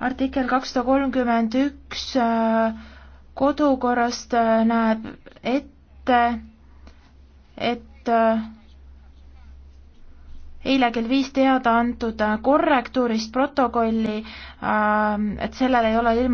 artikkel kakssada kolmkümmend üks äh, kodukorrast äh, näeb ette, et äh, eile kell viis teada antud korrektuurist protokolli, et sellel ei ole ilm-.